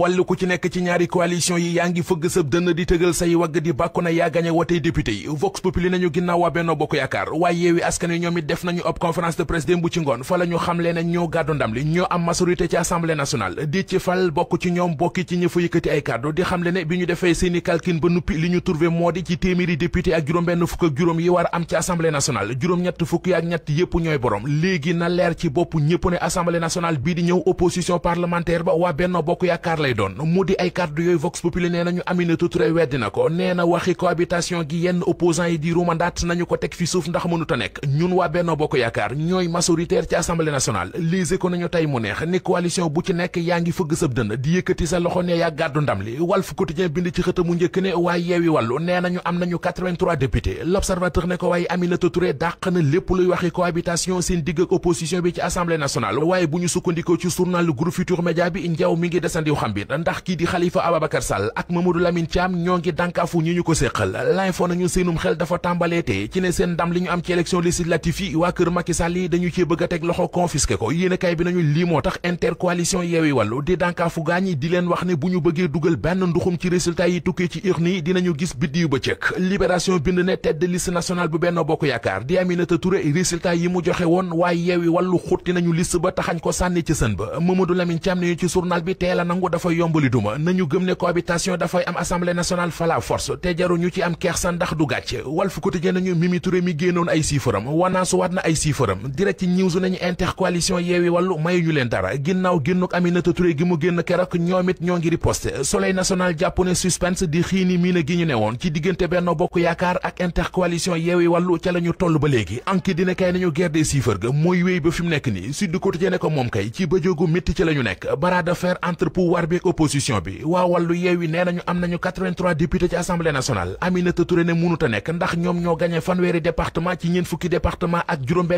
wàllu ku ci nekk ci ñaari coalition yi yaa ngi fëgg sëb dënn di tëgal say wagg di bàkku na yaa gañe watey député yi vox populi nañu ginnaaw waa Benno Bokk Yaakaar waaye yeewi askan wi ñoom it def nañu ab conférence de presse démb ci ngoon fa la ñu xamle ne ñoo gàddu ndam li ñoo am majorité ci assemblée nationale di ci fal bokk ci ñoom bokki ci ñë fa yëkkati ay kàddu di xamle ne bi ñu defee seeni calcul ba nuppi li ñu trouvé moo di ci téeméeri député lay doon mu di ay kàddu yooyu Vox Populi nee nañu Aminata Touré weddi na ko nee na waxi cohabitation gi yenn opposant yi di rumandaat nañu ko teg fi suuf ndax mënuta nekk ñun waa Benno Bokk Yaakaar ñooy majoritaire ci Assemblée nationale lise ko nañu tey mu neex ni coalition bu ci nekk yaa ngi fëgg sab di yëkkati sa loxo ne yaa gàddu ndam li Walf Quotidien bind ci xët njëkk ne waaye yeewi wàllu nee nañu am nañu 83 députés ne ko waaye Aminata bi ndax kii di Khalifa Ababacar Sall ak Mamadou Lamine Thiam ñoo ngi dànkaafu ñi ñu ko séqal l'info nañu seenum xel dafa tàmbaleete ci ne seen ndam li ñu am ci élection législative yi waa kër Macky Sall yi dañu cee bëgg a teg loxo confisqué ko yéene bi nañu lii moo tax intercoalition Yewwi Wallu di dànkaafu gaañ yi di leen wax ne bu ñu bëggee dugal benn nduxum ci résultat yi tukkee ci urne yi dinañu gis biddiw ba cëkk libération bind ne tête de a dafa yombali duma nañu gëm ne cohabitation dafay am assemblée nationale fala force te jaru ñu ci am kersa ndax du gàcce Walf Quotidien nañu Mimi Touré mi génnoon ay siifaram wanaasu na ay siifaram Direct News nañu intercoalition Yewwi Wallu mayu ñu leen dara ginnaaw génnuk Aminata Touré gi mu génn keroog ñoom it ñoo ngi riposte Soleil national jàpp ne suspense di xiini miina gi ñu newoon ci diggante Benno Bokk Yaakaar ak intercoalition pouvoir bi ak opposition bi waa wàllu yeewi nee nañu am nañu 83 députés assemblée nationale Aminata Touré ne mënut nekk ndax ñoom ba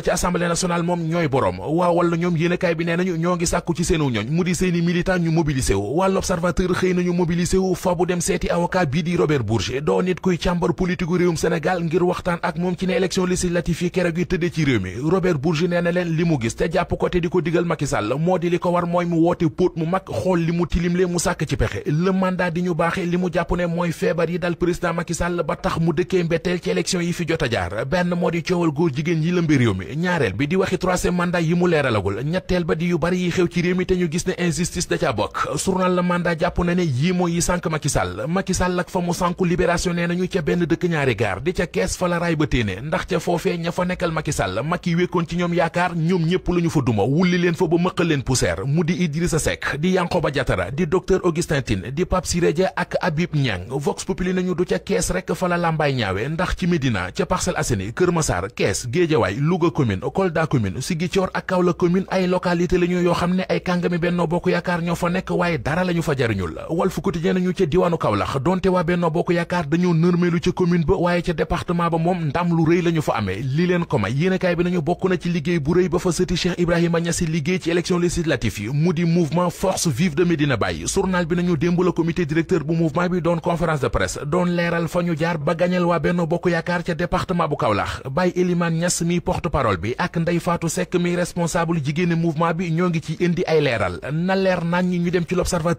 di assemblée nationale moom ñooy boroom waa wàllu ñoom yéenekaay bi nee nañu ñoo ngi sàkku ci seenu ñooñ mu di seeni militant ñu mobilisé waa l'observateur xëy nañu mobilisé wu fa bu dem seeti avocat bii di Robert Bourgi doo nit kuy càmbar politique gu réewum Sénégal ngir waxtaan ak moom ci ne élection législative yi keroog yi tëddee ci réew mi Robert Bourgi nee na leen li mu gis te jàpp ko te di ko digal Macky Sall moo di li ko war mooy mu woote póot mu mag xool li mu tilimle mu sàkk ci pexe le mandat di ñu baaxee li mu jàpp ne mooy feebar yi dal président Macky Sall ba tax mu dëkkee mbetteel ci élection fi jot jaar benn moo di coowal góor jigéen yi lëmbi réew mi ñaareel bi di waxi troisième mandat yi mu leeralagul ñetteel ba di yu bari yi xew ci réew mi te ñu gis ne injustice da ca bokk wàll mandat jàpp na ne yii mooy yi sànk Macky Sall Macky Sall ak fa mu sànku libération nee nañu ca benn dëkk ñaari gaar di ca kees fa la raay ba téene ndax ca foofee ña fa nekkal Macky Sall Macky wékkoon ci ñoom yaakaar ñoom ñëpp la ñu fa duma wulli leen fa ba mëqal leen poussière mu di Idrissa Seck di Yankhoba Diattara di docteur Augustin Tine di Pape Siré Dia ak Habib Niang Vox Populi nañu du ca kees rek fa la làmbaay ñaawe ndax ci Médina ca Parcelles Assainies Kër Massar kees Guédiawaye Louga commune Kolda commune Ziguinchor ak Kaolack commune ay localité la ñu yoo xam ne ay kàngami Benno Bokk Yaakaar ñoo fa nekk waaye dara la ñu fa ca diwaanu Kaolack donte waa Benno Bokk Yaakaar dañoo nërmeelu ca commune ba waaye ca département ba moom ndam lu rëy la fa amee li leen ko may yéenekaay bi nañu bokk na ci liggéey bu rëy ba fa sëti Cheikh Ibrahima Niass liggéey ci élection législative yi mu di mouvement force vive de Médina Baye journal bi nañu démb la comité directeur bu mouvement bi doon conférence de presse doon leeral fa ñu jaar ba gañal waa Benno Bokk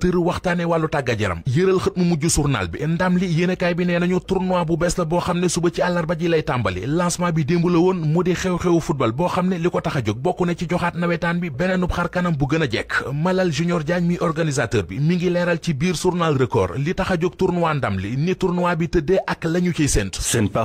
l'observateur waxtaane wàllu tàggat yaram yëral xët mu mujj journal bi ndam li yéenekaay bi nee nañu tournoi bu bees la boo xam ne suba ci àllarba ji lay tàmbali lancement bi démb la woon mu di xew-xewu football boo xam ne li ko tax a jóg bokk na ci joxaat nawetaan bi beneenub xar kanam bu gën a jekk Malal Junior Diagne mi organisateur bi mi ngi leeral ci biir journal record li tax a jóg tournoi ndam li ni tournoi bi tëddee ak la ñu ciy séentu